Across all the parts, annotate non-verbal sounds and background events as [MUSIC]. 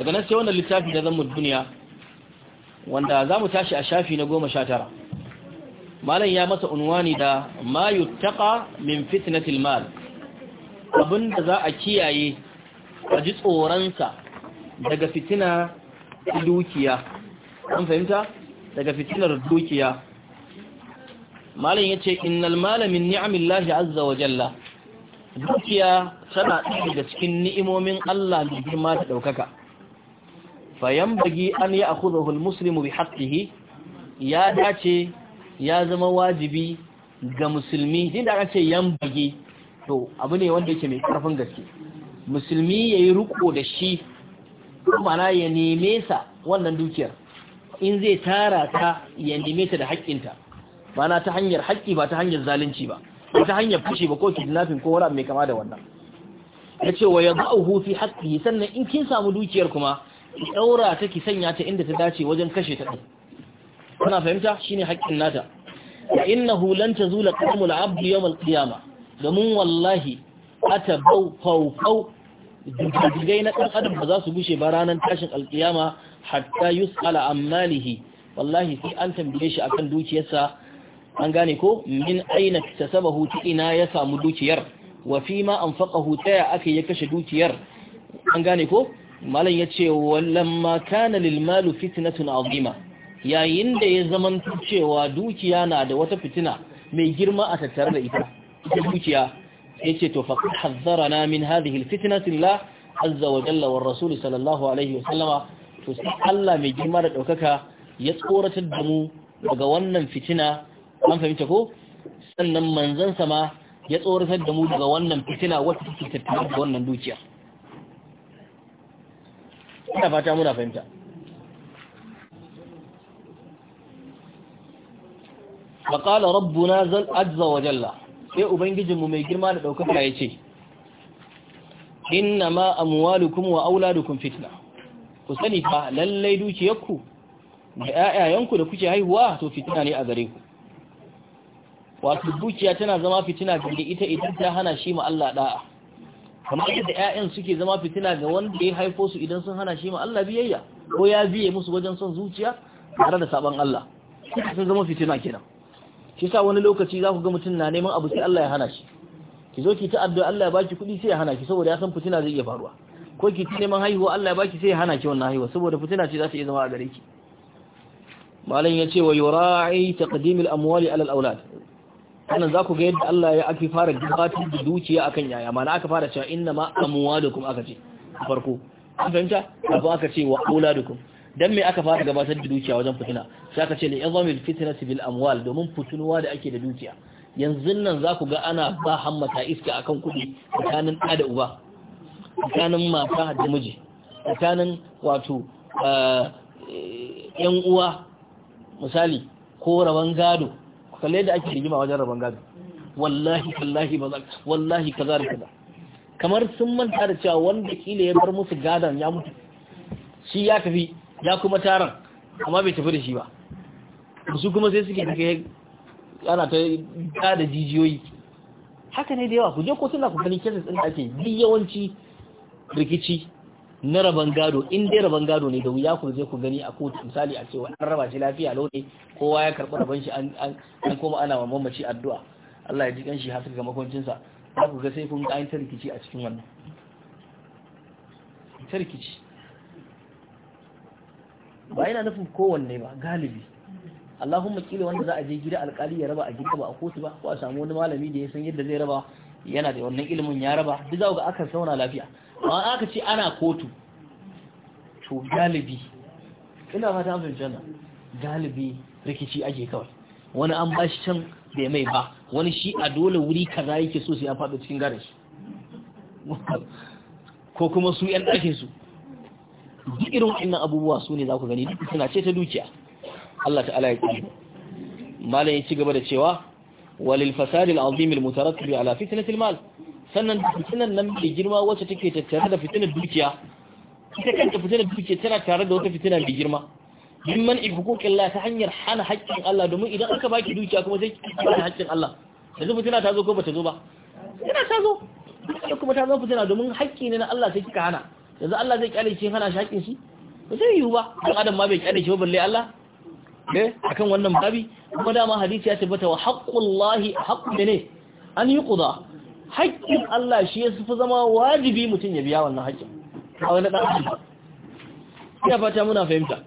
daga nan sai wannan littafi na zamu duniya wanda za mu tashi a shafi na goma sha tara malam ya masa unwani da ma yuttaqa min fitnatil mal abinda za a kiyaye a ji tsoronsa daga fitina dukiya an fahimta daga fitinar dukiya malam yace innal mala min ni'amillahi azza wa jalla dukiya tana daga cikin ni'imomin Allah da girma ta daukaka bagi an ya musulmi bi haƙihi ya dace ya zama wajibi ga musulmi inda aka ce bagi to abu ne wanda yake mai ƙarfin gaske musulmi ya yi riko da shi kuma ya neme sa wannan dukiyar in zai tara ta ya neme ta da haƙƙinta mana ta hanyar haƙƙi ba ta hanyar zalunci ba ta hanyar fashi ba ko kidnapping ko wani abu mai kama da wannan ya ce wa ya ba'uhu fi haƙƙi sannan in kin samu dukiyar kuma ki daura ta ki sanya ta inda ta dace wajen kashe ta din kuna fahimta shine haƙƙin nata wa innahu lan tazula qadamul abdi yawm al-qiyamah domin wallahi atabau fawfau jirgigai na ɗan adam ba za su bushe ba ranar tashin alkiyama hatta yus'ala amalihi wallahi sai an tambaye shi akan dukiyarsa an gane ko min aina tasabahu hutu ina ya samu dukiyar wa fi ma anfaqahu ta ya aka ya kashe dukiyar an gane ko malam ya ce wallamma kana lil malu fitnatun azima yayin da ya zaman cewa dukiya na da wata fitina mai girma a tattare da ita ita dukiya yace to fa na min hadhihi al la azza wa jalla rasul sallallahu alaihi sallama to sai Allah mai girma da ɗaukaka ya tsoratar da mu daga wannan fitina an fahimta ko sannan manzon sama ya tsoratar da mu daga wannan fitina wata take tattare da wannan dukiya ina fata muna fahimta faƙala rabbuna zan azza wa jalla sai ubangijinmu mai girma da ɗaukaka ya ce inna ma amwalukum wa auladukum fitna ku sani fa lallai dukiyarku da ƴaƴayenku da kuke haihuwa to fitina ne a gare ku wato dukiya tana zama fitina ga ita idan ta hana shi ma Allah da'a kamar yadda ƴaƴan suke zama fitina ga wanda ya haifo su idan sun hana shi ma Allah biyayya ko ya biye musu wajen son zuciya tare da saban Allah sun zama fitina kenan shi sa wani lokaci za ku ga mutum na neman abu sai Allah ya hana shi ki zo ki ta addu'a Allah ya baki kuɗi sai ya hana ki saboda ya san fitina zai iya faruwa ko ki ta neman haihuwa Allah ya baki sai ya hana ki wannan haihuwa saboda fitina ce za ta iya zama a gare ki malam ya ce wa yura'i taqdim al-amwali ala al-awlad wannan za ku ga yadda Allah ya ake fara gabatar da dukiya akan yaya mana aka fara cewa inna ma kuma aka ce a farko an fahimta kafin aka ce wa kuma. dan me aka fara gabatar da dukiya wajen fitina sai aka ce li izamil fitnati bil amwal domin fitunuwa da ake da dukiya yanzu nan za ku ga ana ba hammata iska akan kuɗi tsakanin ɗa da uba tsakanin mata da miji tsakanin wato yan eh, eh, uwa misali ko rawan gado kalle da ake rigima wajen rabon gado wallahi wallahi ba wallahi kaza da kaza kamar sun manta da cewa wanda kila ya bar musu gadan ya mutu shi ya tafi ya kuma taron amma bai tafi da shi ba su kuma sai suke take ana ta da jijiyoyi haka ne da yawa ku je ko suna ku kani kesa din ake duk yawanci rikici na rabon gado in dai raban gado ne da wuya ku zai ku gani a kotu misali a cewa an raba shi lafiya lode kowa ya karɓi rabon shi an koma ana wa mamaci addu'a Allah ya ji kanshi har ga makoncinsa za ku ga sai kun ga an ta rikici a cikin wannan ta rikici ba yana nufin kowanne ba galibi Allahumma kila wanda za a je gida alkali ya raba a gida ba a kotu ba ko a samu wani malami da ya san yadda zai raba yana da wannan ilimin ya raba duk za ku ga aka sauna lafiya amma aka ce ana kotu to galibi ina fata amfin jana galibi rikici ake kawai wani an bashi can bai mai ba wani shi a dole wuri kaza yake so sai ya faɗi cikin garin shi ko kuma su yan ɗakin su duk irin wa'annan abubuwa su ne za ku gani duk suna ce ta dukiya Allah ta'ala ya ƙi malam ya ci gaba da cewa walil fasadil azimil mutarattibi ala fitnatil mal sannan fitinar nan mai girma wacce take tattare da fitinar dukiya ita kanta fitinar dukiya tana tare da wata fitina mai girma min man ihquqillah ta hanyar hana haƙƙin Allah domin idan aka baki dukiya kuma sai ki hana haƙƙin Allah yanzu fitina ta zo ko bata zo ba ina ta zo ita kuma ta zo fitina domin haƙƙi ne na Allah sai kika hana yanzu Allah zai kyale shi hana shi haƙƙin shi ba zai yiwu ba dan adam ma bai kyale shi ba balle Allah eh akan wannan babi kuma dama hadisi ya tabbata wa haqqullahi haqqu ne an yi yuqda haƙƙin Allah shi ya sufi zama wajibi mutum ya biya wannan haƙƙin a wani ɗan adam fata muna fahimta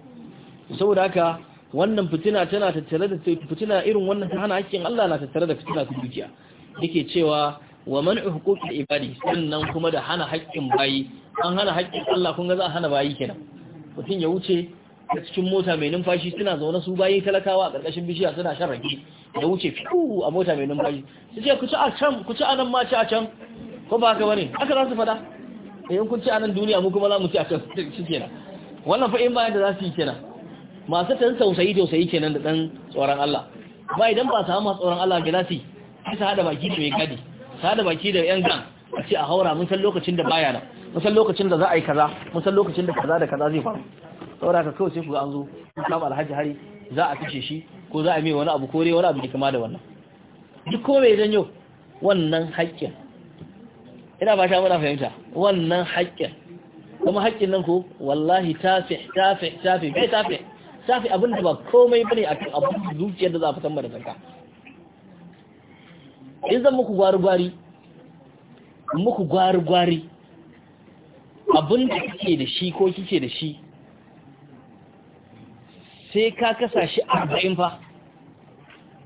saboda haka wannan fitina tana tattare da fitina irin wannan hana haƙƙin Allah na tattare da fitina ta dukiya yake cewa wa man'u da ibadi sannan kuma da hana haƙƙin bayi an hana haƙƙin Allah kun ga za a hana bayi kenan mutum ya wuce a cikin mota mai numfashi suna zaune su bayi talakawa a ƙarƙashin bishiya suna shan rake ya wuce fiyu a mota mai numfashi su ce ku ci a can ku ci a nan ma a can ko ba haka bane haka za su faɗa eh, in kun ci a nan duniya mu kuma za mu ci a can [LAUGHS] shi kenan wannan fa'in bayan da za su yi kenan masu tan tausayi tausayi kenan da dan tsoron Allah ba idan ba samu masu tsoron Allah ga za su su haɗa baki da mai gadi su haɗa baki da yan gan a ce a haura mun san lokacin da baya nan mun san lokacin da za a yi kaza mun san lokacin da kaza da kaza zai faru saboda ka kawai sai ku ga an zo kun alhaji hari za a fice shi ko za a mai wani abu kore wani abu da kama da wannan duk kuma mai janyo wannan haƙƙin ina ba ta muna fahimta wannan haƙƙin kuma haƙƙin nan ko wallahi tafi tafi tafi bai tafi tafi abin da ba komai bane a kan abin zuciyar da za a fitan mara zakka in zan muku gwari-gwari muku gwari-gwari abin da kike da shi ko kike da shi sai ka kasa shi arba'in fa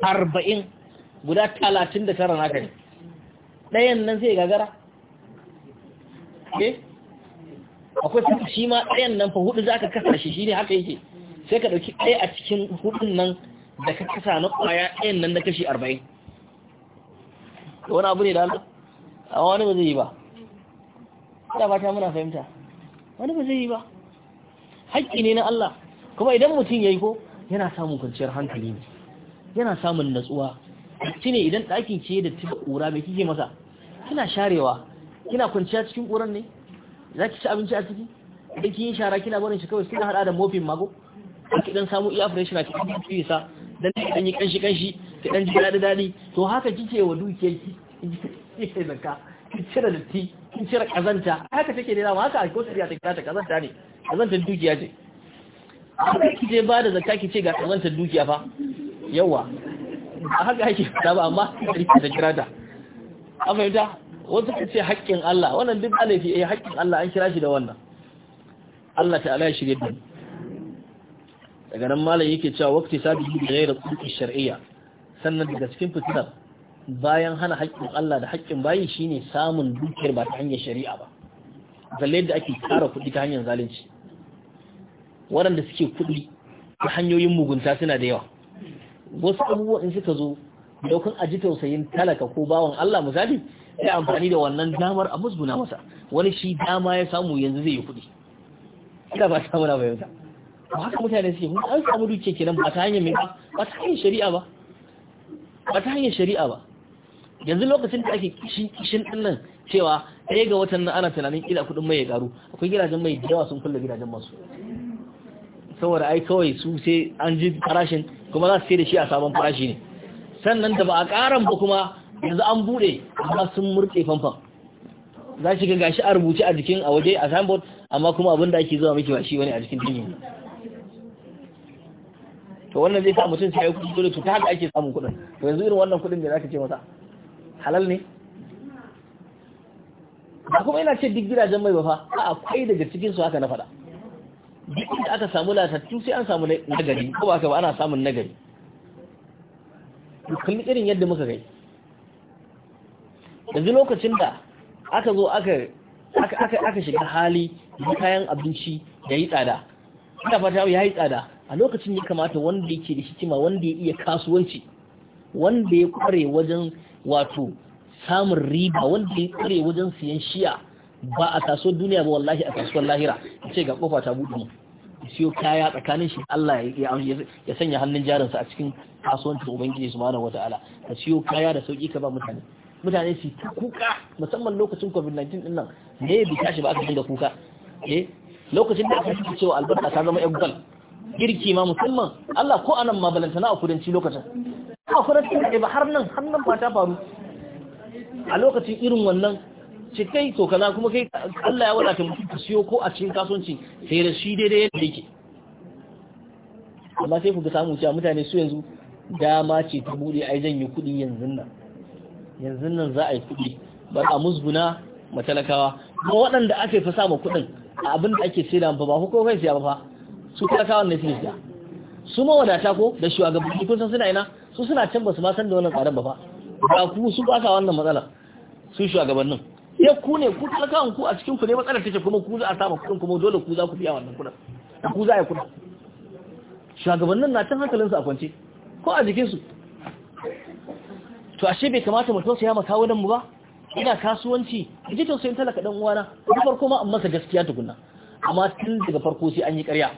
arba'in guda talatin da tara naka ne ɗayan nan sai gagara eh akwai fata shi ma ɗayan nan fa hudu za ka kasa shi shi ne haka yake sai ka ɗauki ɗaya a cikin hudun nan da ka kasa na ƙwaya ɗayan nan ka kashi arba'in wani abu ne da a wani ba zai yi ba da fata muna fahimta wani ba zai yi ba haƙƙi ne na Allah kuma idan mutum yayi ko yana samun kwanciyar hankali ne yana samun natsuwa shine idan ɗakin ce da tuba ƙura mai kike masa kina sharewa kina kwanciya cikin ƙuran ne za ki ci abinci a ciki idan kin yi shara kina barin shi kawai kina haɗa da mofin mago ki dan samu iya fresh na ki dan ki sa dan ki dan yi kanshi kanshi ki dan ji daɗi daɗi to haka kike wa dukiyar ki kike zakka ki cire datti ki cire kazanta haka take da dama haka ko tsariya ta kira ta kazanta ne kazanta dukiya ce haka ki je ba da zakka ki ce ga kazanta dukiya fa yawa a haka ake da ba amma rike da kira ta amma fahimta wasu ka ce haƙƙin Allah wannan duk ba laifi eh haƙƙin Allah an kira shi da wannan Allah ta'ala ya shirye da daga nan malam yake cewa waqti sabi da ghayr al-qur'an shar'iyya sannan daga cikin fitinar bayan hana haƙƙin Allah da haƙƙin bayi shine samun dukiyar ba ta hanyar shari'a ba zalle da ake tsara kuɗi ta hanyar zalunci waɗanda suke kuɗi ta hanyoyin mugunta suna da yawa wasu abubuwa in suka zo daukan aji tausayin talaka ko bawan Allah misali ya amfani da wannan damar a musguna masa wani shi dama ya samu yanzu zai yi kuɗi ina ba samu na bayanta ba haka mutane suke mun an samu duke kenan ba ta hanyar mai ba ta hanyar shari'a ba ba ta hanyar shari'a ba yanzu lokacin da ake kishin kishin din nan cewa ɗaya ga watan nan ana tunanin kila kuɗin mai ya karu akwai gidajen mai da yawa sun kulle gidajen masu saboda ai kawai su sai an ji farashin kuma za su sai da shi a sabon farashi ne sannan da ba a karan ba kuma yanzu an bude amma sun murke famfan za shi ga gashi a rubuce a jikin a waje a signboard amma kuma abin da ake zuwa miki ba shi wani a jikin dinki to wannan zai sa mutum sai ya kuɗi dole to ta haka ake samun kuɗin to yanzu irin wannan kuɗin da zaka ce masa halal ne ba kuma ina ce duk gidajen mai ba fa akwai daga cikin su haka na faɗa duk inda aka samu latattu sai an samu nagari ko ba ka ba ana samun nagari kalli irin yadda muka kai. yanzu lokacin da aka zo aka aka aka shiga hali da kayan abinci da yi tsada ina fata ya yi tsada a lokacin ya kamata wanda yake da hikima wanda ya iya kasuwanci wanda ya kware wajen wato samun riba wanda ya kware wajen siyan shiya ba a kasuwar duniya ba wallahi a kasuwar lahira ce ga kofa ta buɗe siyo kaya tsakanin shi Allah ya sanya hannun jarinsa a cikin kasuwancin ubangiji subhanahu wataala ka siyo kaya da sauki ka ba mutane mutane su ta kuka musamman lokacin covid-19 din nan ne bi tashi ba aka dinga kuka eh lokacin da aka fi cewa albarka ta zama yan gwal girki ma musamman Allah ko anan ma balantana a kudanci lokacin a kudanci da ba har nan har nan ba ta faru a lokacin irin wannan ce kai to kaza kuma kai Allah ya wadata mutum ka siyo ko a cikin kasuwanci sai da shi daidai yadda yake amma sai ku ga samu cewa mutane su yanzu dama ce ta bude ai zan yi kuɗi yanzu nan yanzu nan za a yi kuɗi ba a musguna matalakawa kuma waɗanda aka yi sa ma kuɗin a abin da ake saida ba ba ko kai siya ba fa su talakawan ne suke siya su ma wadata ko da shugabanni kun san suna ina su suna can ba su ma san da wannan tsarin ba fa ba ku su ba ka wannan matsalar. su shugabannin ya ku ne ku talakawan ku a cikin ku ne matsalar take kuma ku za a sama kuɗin kuma dole ku za ku biya wannan kuɗin da ku za a yi kuɗin Shagabannin na can hankalinsu a kwance ko a jikinsu to ashe bai kamata mutum su ya maka wadan mu ba ina kasuwanci in tausayin talaka dan uwana da farko ma an masa gaskiya tukunna amma tun daga farko sai an yi karya.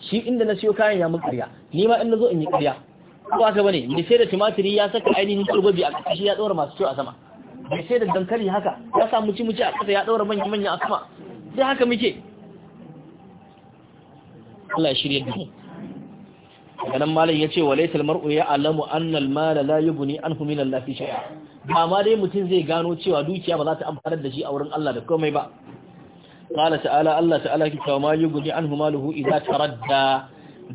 shi inda na siyo kayan ya mun ƙarya ni ma in zo in yi karya. ko haka bane mai sai da tumatiri ya saka ainihin turbobi a ƙarshe ya tsora masu kyau a sama bai sai da dankali haka ya samu ci muci a ƙasa ya ɗaura manya manya a sama sai haka muke Allah shirye da mu daga nan malam ya ce walaisal mar'u ya alamu annal mala la yubni an min Allah fi shay'a ba ma dai mutum zai gano cewa dukiya ba za ta amfanar da shi a wurin Allah da komai ba qala ta'ala Allah ta'ala ki cewa ma yubni anhu maluhu idza taradda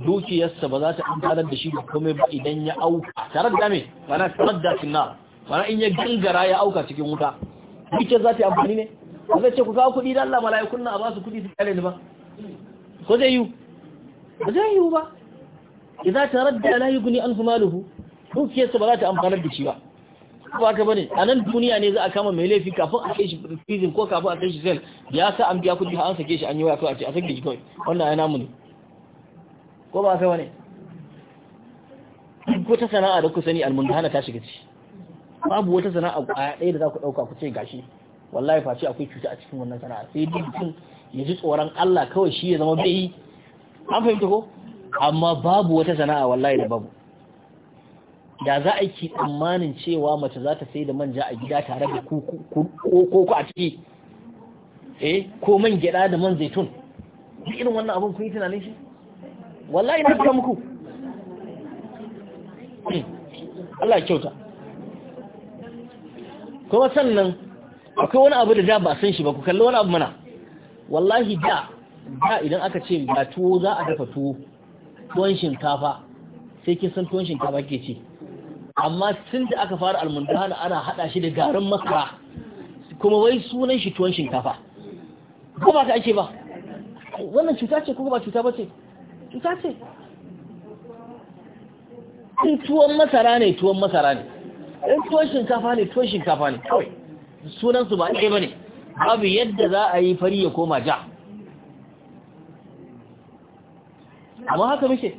dukiyarsa ba za ta amfanar da shi da komai ba idan ya auka taradda me mana taradda finnar mana in ya gangara ya auka cikin wuta dukkan za ta yi amfani ne ba zai ce ku kawo kuɗi da Allah mala'ikun na a ba su kuɗi su kare ni ba ko zai yi ba zai yi ba idza taradda la yughni anhu maluhu dukiyar sa ba za ta amfana da shi ba ba ka bane a nan duniya ne za a kama mai laifi kafin a kai shi prison ko kafin a kai shi cell ya sa an biya kuɗi an sake shi an yi waya kawai a a sake shi kawai wannan ya namu ne ko ba ka bane ko ta sana'a da ku sani almundana ta shiga ciki babu wata sana'a kwaya ɗaya da za ku ɗauka ku ce gashi wallahi face akwai cuta a cikin wannan sana'a sai dai mutum ya ji tsoron Allah kawai shi ya zama bai an fahimta ko amma babu wata sana'a wallahi da babu da za a ki tsammanin cewa mace za ta sai da manja a gida tare da koko a ciki eh ko man gyaɗa, da man zaitun duk irin wannan abin kun yi tunanin shi wallahi na muku hmm. Allah ya kyauta kuma sannan akwai wani abu da da ba san shi ba ku kalli wani abu mana wallahi da da idan aka ce ga tuwo za a dafa tuwo tuwon shinkafa sai kin san tuwon shinkafa ke ce amma sun da aka fara almundana ana hada shi da garin masara kuma wai sunan shi tuwon shinkafa ko ba ka ake ba wannan cuta ce ko ba cuta ba ce cuta ce tuwon masara ne tuwon masara ne in tuwon shinkafa ne tuwon shinkafa ne kawai sunansu ba ɗaya ba ne babu yadda za a yi fari ya koma ja amma haka muke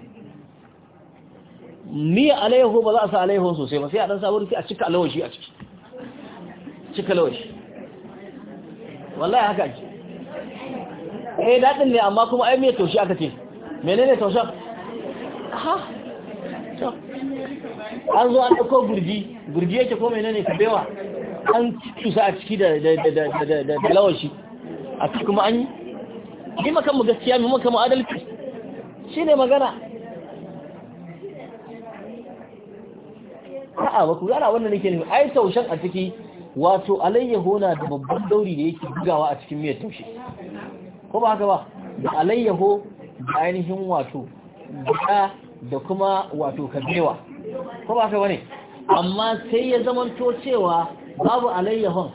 miya alaihu ba za a sa alaihu sosai ba sai a ɗan sabon a cika alawashi a ciki cika alawashi wallahi haka ake eh daɗin ne amma kuma ai miya taushe aka ce menene taushe? ha an zo an ɗauko gurgi gurgi yake ko menene ka bewa an cusa a ciki da lawashi a ciki kuma an yi yi makamu gaskiya mai makamu adalci shi ne magana a'a ba ku gara wannan nake nufi ai taushen a ciki wato alayyaho na da babban dauri da yake bugawa a cikin miyar taushe ko ba haka ba da alayyaho da ainihin wato da da kuma wato kabewa ko ba ka wani? amma sai ya zamanto cewa babu alayyahon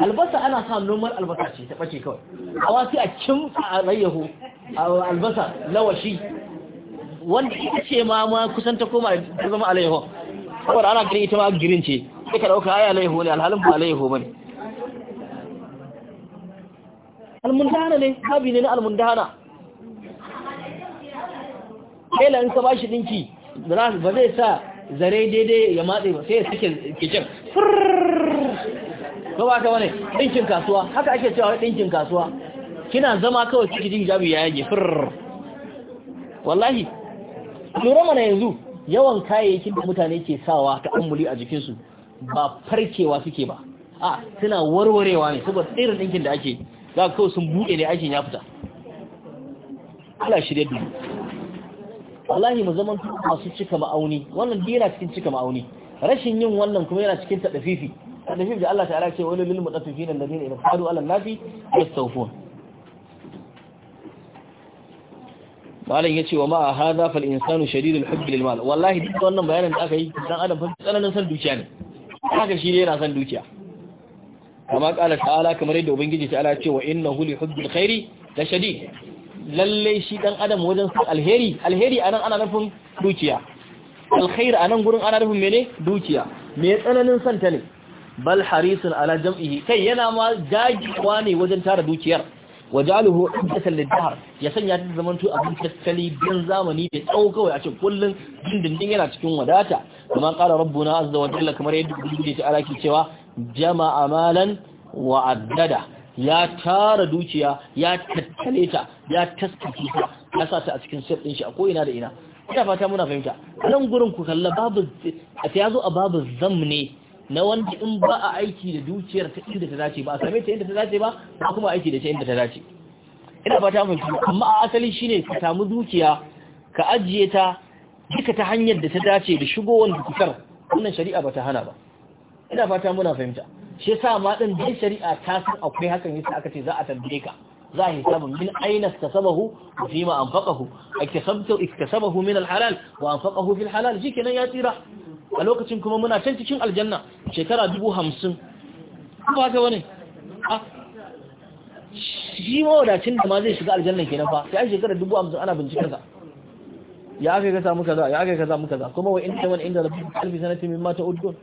albasa ana sa nomar albasa ce ta bace kawai a wasu a cin alayyahu albasa lawashi wanda ita ce ma ma kusan ta koma ta zama alayyahon kawai ana gani ita ma girin ce sai ka dauka ai alayyahu ne alhalin ba alayyahu bane almundana ne habi ne na almundana tela in ka bashi dinki ba zai sa zare daidai ya matse ba sai ya sake kicin ko ba ka bane dinkin kasuwa haka ake cewa dinkin kasuwa kina zama kawai kiki jin jabi ya yage fur wallahi lura mana yanzu yawan kayayyakin da mutane ke sawa ta ammuli a jikinsu ba farkewa suke ba a suna warwarewa ne saboda tsirin dinkin da ake za ka kawai sun buɗe ne aikin ya fita Allah shirya da wallahi mu zaman masu cika ma'auni wannan dira cikin cika ma'auni rashin yin wannan kuma yana cikin tadafifi tadafifi da Allah ta'ala ce wani lil mutaffifin alladhina idza qalu ala nafi yastawfun malam yace wa ma'a hadha fal insanu shadidul hubb lil mal wallahi duk wannan bayanin da aka yi dan adam fa tsananin san dukiya ne haka shi ne yana san dukiya kama kala ta'ala kamar yadda ubangiji ta'ala ce wa innahu li hubbil khairi la shadid lalle shi dan adam wajen san alheri alheri anan ana nufin dukiya alkhair anan gurin ana nufin mene dukiya me tsananin san ta ne bal harisun ala jam'ihi kai yana ma jajiwa ne wajen tara dukiyar wajaluhu ibdatan lidhar ya sanya ta zaman to abin tattali bin zamani da tsawo kawai a cikin kullun dindindin yana cikin wadata kuma qala rabbuna azza wa jalla kamar yadda ubangiji ta alaki cewa jama'a malan wa addada ya tara dukiya ya tattale ta ya taskace ta ya sa ta a cikin sir ɗin shi a ko'ina da ina ina fata muna fahimta a nan gurin ku kalla babu a ta yazo a babu zam ne na wanda in ba a aiki da dukiyar ta inda ta dace ba a same ta inda ta dace ba ba kuma aiki da ta inda ta dace ina fata mun fahimta amma a asali shine ka samu dukiya ka ajiye ta duka ta hanyar da ta dace da shigowar dukiyar wannan shari'a ba ta hana ba ina fata muna fahimta shi sa ma din dai shari'a ta san akwai hakan yasa aka ce za a tambaye ka za a yi hisabu min aina kasabahu wa fi ma anfaqahu iktasabtu iktasabahu min alhalal wa anfaqahu fi alhalal shikenan ya tsira a lokacin kuma muna can cikin aljanna shekara dubu hamsin ba haka wani a shi mawadacin da ma zai shiga aljanna kenan fa sai an shekara dubu hamsin ana bincikarsa ya aka yi ka samu kaza ya aka yi ka samu kaza kuma wa inda wani inda rabbi alfi sanati min mata udgun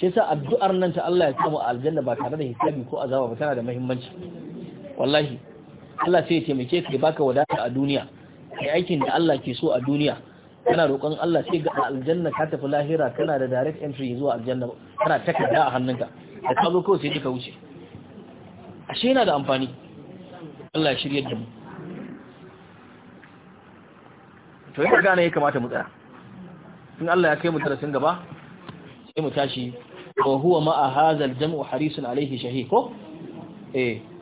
shi sa addu'ar nan ta Allah ya samu aljanna ba tare da hisabi ko azaba ba tana da muhimmanci wallahi Allah sai ya taimake ka baka wadata a duniya kai aikin da Allah ke so a duniya kana roƙon Allah sai ga aljanna ka tafi lahira kana da direct entry zuwa aljanna kana takarda a hannunka da ka zo kawai sai duka wuce ashe yana da amfani Allah ya shirye da mu to yana gane ya kamata mu tsaya in Allah ya kai mu darasin gaba sai mu tashi wa huwa ma'a hadha jamu harisun alaihi shahih ko eh